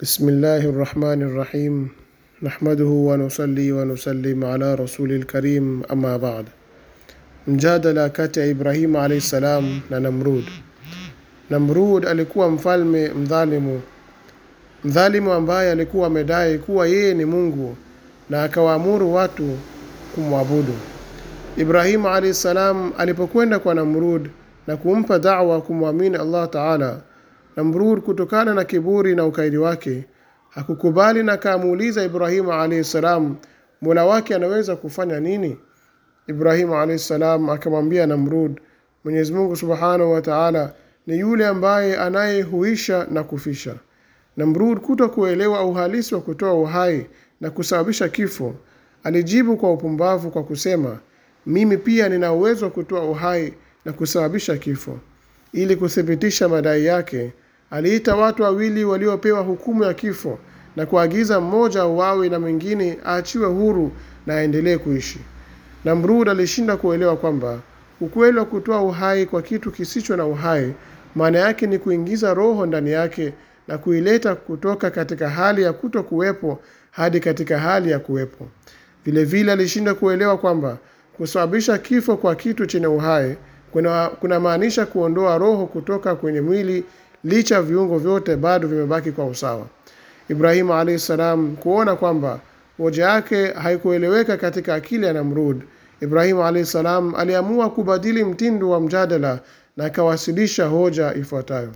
بسم الله الرحمن الرحيم نحمده ونصلي ونسلم على رسول الكريم أما بعد mjadala kati ya Ibrahim alayhi salam na Namrud. Namrud alikuwa mfalme mdhalimu, ambaye alikuwa amedai kuwa yeye ni Mungu na akawaamuru watu kumwabudu. ibrahimu alayhi salam alipokwenda kwa Namrud na kumpa da'wa kumwamini Allah Ta'ala Namrud kutokana na kiburi na ukaidi wake hakukubali na akamuuliza Ibrahimu alayhi salam, Mola wake anaweza kufanya nini? Ibrahimu alayhi salam akamwambia Namrud, Mwenyezi Mungu Subhanahu wa Ta'ala ni yule ambaye anayehuisha na kufisha. Namrud kuto kuelewa uhalisi wa kutoa uhai na kusababisha kifo, alijibu kwa upumbavu kwa kusema, mimi pia nina uwezo wa kutoa uhai na kusababisha kifo, ili kuthibitisha madai yake aliita watu wawili waliopewa hukumu ya kifo na kuagiza mmoja auawe na mwingine aachiwe huru na aendelee kuishi namrud alishinda kuelewa kwamba ukweli wa kutoa uhai kwa kitu kisicho na uhai maana yake ni kuingiza roho ndani yake na kuileta kutoka katika hali ya kuto kuwepo hadi katika hali ya kuwepo vile vile alishinda kuelewa kwamba kusababisha kifo kwa kitu chenye uhai kuna, kuna maanisha kuondoa roho kutoka kwenye mwili licha viungo vyote bado vimebaki kwa usawa. Ibrahimu alayhi salam kuona kwamba hoja yake haikueleweka katika akili ya Namrud, Ibrahimu alayhi salam aliamua kubadili mtindo wa mjadala na akawasilisha hoja ifuatayo.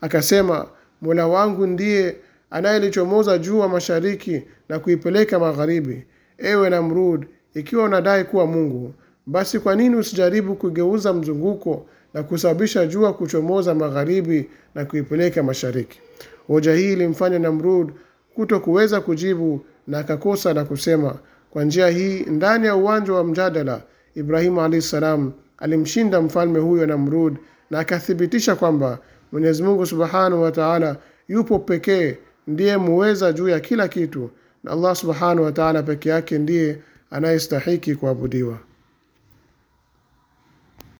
Akasema, Mola wangu ndiye anayelichomoza jua mashariki na kuipeleka magharibi. Ewe Namrud, ikiwa unadai kuwa Mungu basi kwa nini usijaribu kugeuza mzunguko na kusababisha jua kuchomoza magharibi na kuipeleka mashariki? Hoja hii ilimfanya Namrud kuto kuweza kujibu na akakosa la kusema. Kwa njia hii, ndani ya uwanja wa mjadala, Ibrahimu alahi salam alimshinda mfalme huyo Namrud na akathibitisha kwamba Mwenyezi Mungu subhanahu wa taala yupo pekee, ndiye muweza juu ya kila kitu, na Allah subhanahu wa taala peke yake ndiye anayestahiki kuabudiwa.